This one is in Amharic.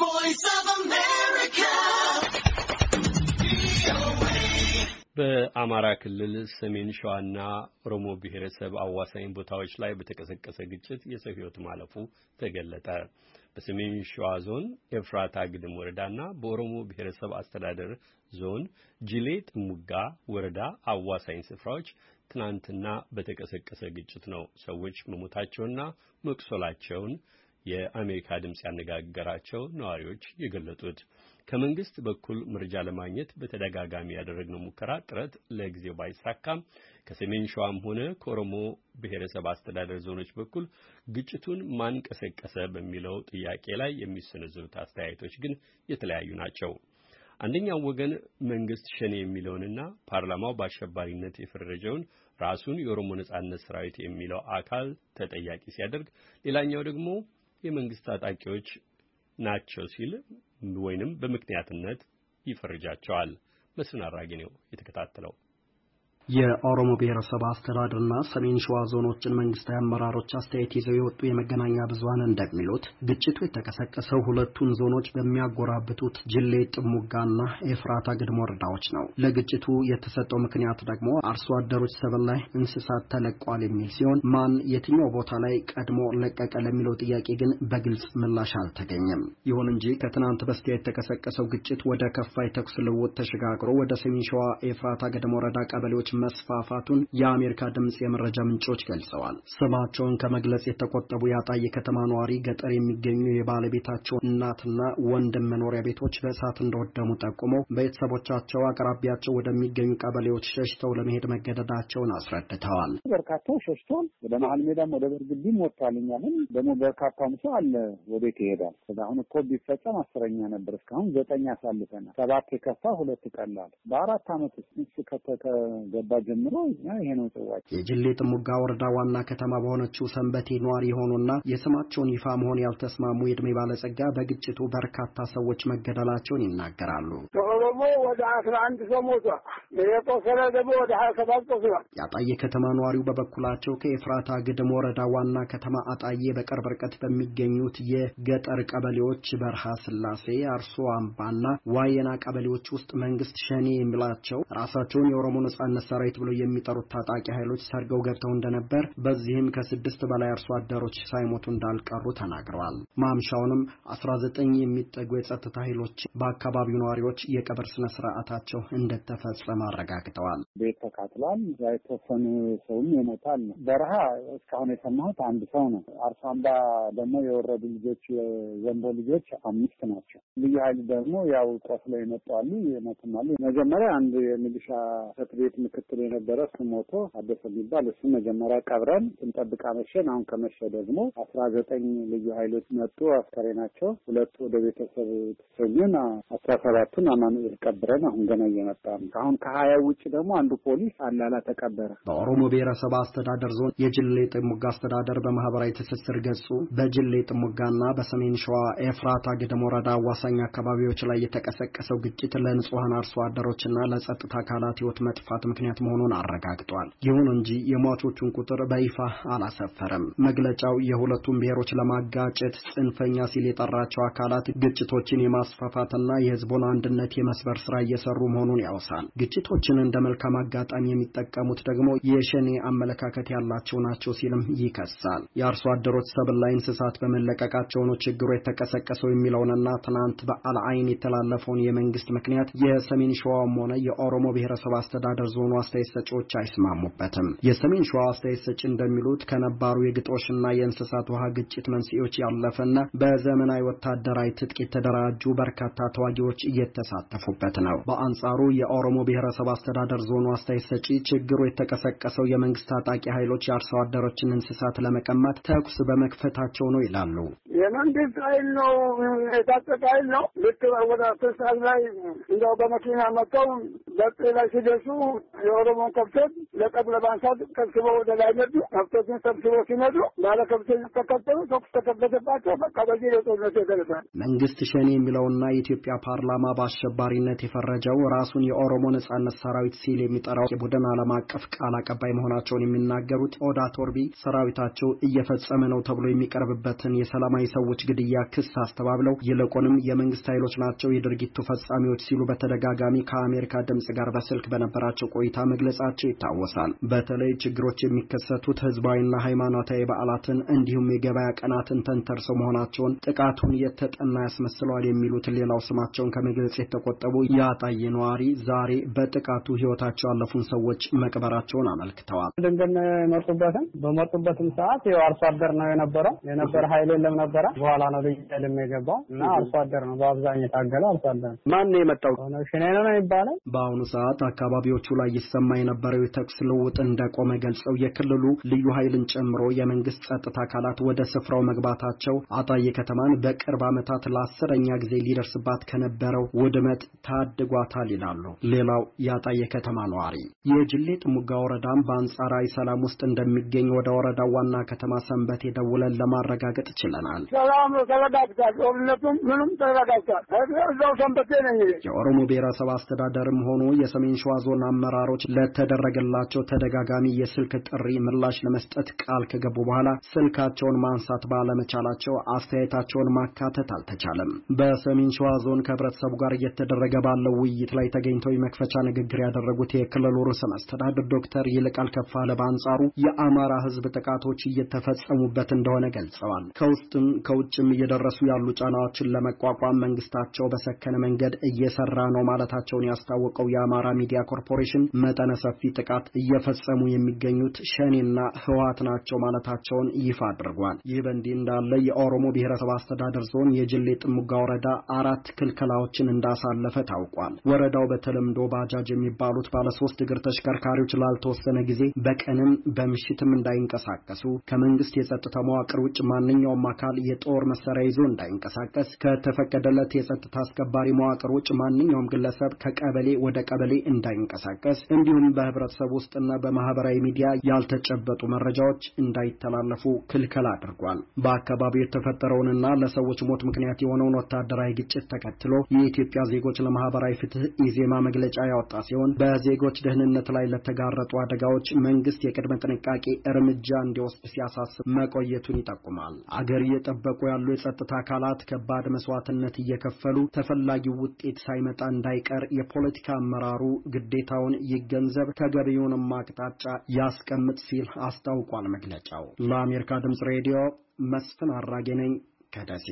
voice በአማራ ክልል ሰሜን ሸዋና ኦሮሞ ብሔረሰብ አዋሳኝ ቦታዎች ላይ በተቀሰቀሰ ግጭት የሰው ሕይወት ማለፉ ተገለጠ። በሰሜን ሸዋ ዞን ኤፍራታ ግድም ወረዳና በኦሮሞ ብሔረሰብ አስተዳደር ዞን ጅሌ ጥሙጋ ወረዳ አዋሳኝ ስፍራዎች ትናንትና በተቀሰቀሰ ግጭት ነው ሰዎች መሞታቸውና መቁሰላቸውን የአሜሪካ ድምፅ ያነጋገራቸው ነዋሪዎች የገለጡት። ከመንግስት በኩል መረጃ ለማግኘት በተደጋጋሚ ያደረግነው ሙከራ ጥረት ለጊዜው ባይሳካም ከሰሜን ሸዋም ሆነ ከኦሮሞ ብሔረሰብ አስተዳደር ዞኖች በኩል ግጭቱን ማንቀሰቀሰ በሚለው ጥያቄ ላይ የሚሰነዝሩት አስተያየቶች ግን የተለያዩ ናቸው። አንደኛው ወገን መንግስት ሸኔ የሚለውንና ፓርላማው በአሸባሪነት የፈረጀውን ራሱን የኦሮሞ ነጻነት ሰራዊት የሚለው አካል ተጠያቂ ሲያደርግ፣ ሌላኛው ደግሞ የመንግስት ታጣቂዎች ናቸው ሲል ወይንም በምክንያትነት ይፈርጃቸዋል። መስፍን አራጌ ነው የተከታተለው። የኦሮሞ ብሔረሰብ አስተዳደርና ሰሜን ሸዋ ዞኖችን መንግስታዊ አመራሮች አስተያየት ይዘው የወጡ የመገናኛ ብዙሀን እንደሚሉት ግጭቱ የተቀሰቀሰው ሁለቱን ዞኖች በሚያጎራብቱት ጅሌ ጥሙጋና ኤፍራታ ግድም ወረዳዎች ነው። ለግጭቱ የተሰጠው ምክንያት ደግሞ አርሶ አደሮች ሰብል ላይ እንስሳት ተለቋል የሚል ሲሆን ማን የትኛው ቦታ ላይ ቀድሞ ለቀቀ ለሚለው ጥያቄ ግን በግልጽ ምላሽ አልተገኘም። ይሁን እንጂ ከትናንት በስቲያ የተቀሰቀሰው ግጭት ወደ ከፋይ ተኩስ ልውውጥ ተሸጋግሮ ወደ ሰሜን ሸዋ ኤፍራታ ግድም ወረዳ ቀበሌዎች መስፋፋቱን የአሜሪካ ድምፅ የመረጃ ምንጮች ገልጸዋል። ስማቸውን ከመግለጽ የተቆጠቡ የአጣዬ ከተማ ነዋሪ ገጠር የሚገኙ የባለቤታቸው እናትና ወንድም መኖሪያ ቤቶች በእሳት እንደወደሙ ጠቁመው ቤተሰቦቻቸው አቅራቢያቸው ወደሚገኙ ቀበሌዎች ሸሽተው ለመሄድ መገደዳቸውን አስረድተዋል። በርካታው ሸሽቷል። ወደ መሀል ሜዳም ወደ በርግቢም ወጥቷል። እኛ ደግሞ በርካታውም ሰው አለ ወዴት ይሄዳል? አሁን እኮ ቢፈጸም አስረኛ ነበር። እስካሁን ዘጠኝ አሳልፈናል። ሰባት የከፋ ሁለት ቀላል በአራት አመት ውስጥ ከተገ ከተገባ ጀምሮ ይሄ ነው ጽዋችን። የጅሌ ጥሙጋ ወረዳ ዋና ከተማ በሆነችው ሰንበቴ ነዋሪ የሆኑና የስማቸውን ይፋ መሆን ያልተስማሙ የእድሜ ባለጸጋ በግጭቱ በርካታ ሰዎች መገደላቸውን ይናገራሉ። ከኦሮሞ ወደ አስራ አንድ ሰው ሞቷል። የቆሰለ ደግሞ ወደ ሀያ ሰባት ቆስሏል። የአጣዬ ከተማ ነዋሪው በበኩላቸው ከኤፍራታ ግድም ወረዳ ዋና ከተማ አጣዬ በቅርብ ርቀት በሚገኙት የገጠር ቀበሌዎች በረሃ ስላሴ፣ አርሶ አምባና ዋየና ቀበሌዎች ውስጥ መንግስት ሸኔ የሚላቸው ራሳቸውን የኦሮሞ ነጻነት ሰራዊት ብለው የሚጠሩት ታጣቂ ኃይሎች ሰርገው ገብተው እንደነበር፣ በዚህም ከስድስት በላይ አርሶ አደሮች ሳይሞቱ እንዳልቀሩ ተናግረዋል። ማምሻውንም አስራ ዘጠኝ የሚጠጉ የጸጥታ ኃይሎች በአካባቢው ነዋሪዎች የቀብር ስነ ስርዓታቸው እንደተፈጸመ አረጋግጠዋል። ቤት ተካትሏል። የተወሰኑ ሰውም ይሞታል። በረሃ እስካሁን የሰማሁት አንድ ሰው ነው። አርሶ አምባ ደግሞ የወረዱ ልጆች የዘንቦ ልጆች አምስት ናቸው። ልዩ ኃይሉ ደግሞ ያው ቆስለው ይመጣሉ ይመትማሉ። መጀመሪያ አንድ የሚሊሻ ሰት ቤት ምክትል የነበረ እሱ ሞቶ አደሰ የሚባል እሱ መጀመሪያ ቀብረን ስንጠብቅ አመሸን። አሁን ከመሸ ደግሞ አስራ ዘጠኝ ልዩ ኃይሎች መጡ። አስከሬ ናቸው ሁለቱ ወደ ቤተሰብ ተሰኙን። አስራ ሰባቱን አማኑኤል ቀብረን አሁን ገና እየመጣ ነው። አሁን ከሀያ ውጭ ደግሞ አንዱ ፖሊስ አላላ ተቀበረ። በኦሮሞ ብሔረሰብ አስተዳደር ዞን የጅሌ ጥሙጋ አስተዳደር በማህበራዊ ትስስር ገጹ በጅሌ ጥሙጋና በሰሜን ሸዋ ኤፍራታ ግድም ወረዳ አዋሳኝ አካባቢዎች ላይ የተቀሰቀሰው ግጭት ለንጹሐን አርሶ አደሮችና ለጸጥታ አካላት ህይወት መጥፋት ምክንያት ምክንያት መሆኑን አረጋግጧል። ይሁን እንጂ የሟቾቹን ቁጥር በይፋ አላሰፈረም። መግለጫው የሁለቱን ብሔሮች ለማጋጨት ጽንፈኛ ሲል የጠራቸው አካላት ግጭቶችን የማስፋፋትና የህዝቡን አንድነት የመስበር ስራ እየሰሩ መሆኑን ያውሳል። ግጭቶችን እንደ መልካም አጋጣሚ የሚጠቀሙት ደግሞ የሸኔ አመለካከት ያላቸው ናቸው ሲልም ይከሳል። የአርሶ አደሮች ሰብል ላይ እንስሳት በመለቀቃቸው ነው ችግሩ የተቀሰቀሰው የሚለውንና ትናንት በአልአይን አይን የተላለፈውን የመንግስት ምክንያት የሰሜን ሸዋም ሆነ የኦሮሞ ብሔረሰብ አስተዳደር ዞኑ አስተያየት ሰጪዎች አይስማሙበትም። የሰሜን ሸዋ አስተያየት ሰጪ እንደሚሉት ከነባሩ የግጦሽና የእንስሳት ውሃ ግጭት መንስኤዎች ያለፈና በዘመናዊ ወታደራዊ ትጥቅ የተደራጁ በርካታ ተዋጊዎች እየተሳተፉበት ነው። በአንጻሩ የኦሮሞ ብሔረሰብ አስተዳደር ዞኑ አስተያየት ሰጪ ችግሩ የተቀሰቀሰው የመንግስት ታጣቂ ኃይሎች የአርሶ አደሮችን እንስሳት ለመቀማት ተኩስ በመክፈታቸው ነው ይላሉ። የመንግስት ኃይል ነው የታጠቀ ኃይል ነው። ልክ ወደ አስር ላይ እንደው በመኪና መጥተው በጤ ላይ ሲደርሱ የኦሮሞን ከብቶች ለጠብ ለማንሳት ሰብስበው ወደ ላይ ነዱ። ከብቶችን ሰብስበው ሲነዱ ከብቶች ተከተሉ። ተኩስ ተከፈተባቸው። በቃ በዚህ ጦርነቱ የተነሳል። መንግስት ሸኔ የሚለውና የኢትዮጵያ ፓርላማ በአሸባሪነት የፈረጀው ራሱን የኦሮሞ ነጻነት ሰራዊት ሲል የሚጠራው የቡድን ዓለም አቀፍ ቃል አቀባይ መሆናቸውን የሚናገሩት ኦዳ ቶርቢ ሰራዊታቸው እየፈጸመ ነው ተብሎ የሚቀርብበትን የሰላማዊ ሰዎች ግድያ ክስ አስተባብለው ይልቁንም የመንግስት ኃይሎች ናቸው የድርጊቱ ፈጻሚዎች ሲሉ በተደጋጋሚ ከአሜሪካ ድምጽ ጋር በስልክ በነበራቸው ቆይታ ሁኔታ መግለጻቸው ይታወሳል። በተለይ ችግሮች የሚከሰቱት ህዝባዊና ሃይማኖታዊ በዓላትን እንዲሁም የገበያ ቀናትን ተንተርሰው መሆናቸውን ጥቃቱን የተጠና ያስመስለዋል የሚሉት ሌላው ስማቸውን ከመግለጽ የተቆጠቡ የአጣዬ ነዋሪ ዛሬ በጥቃቱ ህይወታቸው ያለፉን ሰዎች መቅበራቸውን አመልክተዋል። ድንገን የመጡበትም በመጡበትም ሰዓት ያው አርሶ አደር ነው የነበረው የነበረ ሀይል የለም ነበረ በኋላ ነው ልጅ ልም የገባው እና አርሶ አደር ነው በአብዛኛው የታገለ አርሶ አደር ነው። ማን ነው የመጣው? ሽኔ ነው የሚባለው በአሁኑ ሰዓት አካባቢዎቹ ላይ ሲሰማ የነበረው የተኩስ ልውውጥ እንደቆመ ገልጸው የክልሉ ልዩ ኃይልን ጨምሮ የመንግስት ጸጥታ አካላት ወደ ስፍራው መግባታቸው አጣዬ ከተማን በቅርብ ዓመታት ለአስረኛ ጊዜ ሊደርስባት ከነበረው ውድመት ታድጓታል ይላሉ። ሌላው የአጣዬ ከተማ ነዋሪ የጅሌ ጥሙጋ ወረዳም በአንጻራዊ ሰላም ውስጥ እንደሚገኝ ወደ ወረዳው ዋና ከተማ ሰንበት ደውለን ለማረጋገጥ ችለናል። ሰላም ተረጋግቷል። ጦርነቱም ምንም ተረጋግቷል። እዛው ሰንበቴ ነኝ። የኦሮሞ ብሔረሰብ አስተዳደርም ሆኖ የሰሜን ሸዋ ዞን አመራሮች አመራሮች ለተደረገላቸው ተደጋጋሚ የስልክ ጥሪ ምላሽ ለመስጠት ቃል ከገቡ በኋላ ስልካቸውን ማንሳት ባለመቻላቸው አስተያየታቸውን ማካተት አልተቻለም። በሰሜን ሸዋ ዞን ከህብረተሰቡ ጋር እየተደረገ ባለው ውይይት ላይ ተገኝተው የመክፈቻ ንግግር ያደረጉት የክልሉ ርዕሰ መስተዳድር ዶክተር ይልቃል ከፋለ በአንጻሩ የአማራ ህዝብ ጥቃቶች እየተፈጸሙበት እንደሆነ ገልጸዋል። ከውስጥም ከውጭም እየደረሱ ያሉ ጫናዎችን ለመቋቋም መንግስታቸው በሰከነ መንገድ እየሰራ ነው ማለታቸውን ያስታወቀው የአማራ ሚዲያ ኮርፖሬሽን መጠነ ሰፊ ጥቃት እየፈጸሙ የሚገኙት ሸኔና ህወሀት ናቸው ማለታቸውን ይፋ አድርጓል። ይህ በእንዲህ እንዳለ የኦሮሞ ብሔረሰብ አስተዳደር ዞን የጅሌ ጥሙጋ ወረዳ አራት ክልከላዎችን እንዳሳለፈ ታውቋል። ወረዳው በተለምዶ ባጃጅ የሚባሉት ባለሶስት እግር ተሽከርካሪዎች ላልተወሰነ ጊዜ በቀንም በምሽትም እንዳይንቀሳቀሱ፣ ከመንግስት የጸጥታ መዋቅር ውጭ ማንኛውም አካል የጦር መሳሪያ ይዞ እንዳይንቀሳቀስ፣ ከተፈቀደለት የጸጥታ አስከባሪ መዋቅር ውጭ ማንኛውም ግለሰብ ከቀበሌ ወደ ቀበሌ እንዳይንቀሳቀስ፣ እንዲሁም በህብረተሰብ ውስጥና በማህበራዊ ሚዲያ ያልተጨበጡ መረጃዎች እንዳይተላለፉ ክልከል አድርጓል። በአካባቢው የተፈጠረውንና ለሰዎች ሞት ምክንያት የሆነውን ወታደራዊ ግጭት ተከትሎ የኢትዮጵያ ዜጎች ለማህበራዊ ፍትህ ኢዜማ መግለጫ ያወጣ ሲሆን በዜጎች ደህንነት ላይ ለተጋረጡ አደጋዎች መንግስት የቅድመ ጥንቃቄ እርምጃ እንዲወስድ ሲያሳስብ መቆየቱን ይጠቁማል። አገር እየጠበቁ ያሉ የጸጥታ አካላት ከባድ መስዋዕትነት እየከፈሉ ተፈላጊው ውጤት ሳይመጣ እንዳይቀር የፖለቲካ አመራሩ ግዴታውን እንዲገንዘብ ተገቢውን አቅጣጫ ያስቀምጥ ሲል አስታውቋል። መግለጫው ለአሜሪካ ድምፅ ሬዲዮ መስፍን አራጌ ነኝ ከደሴ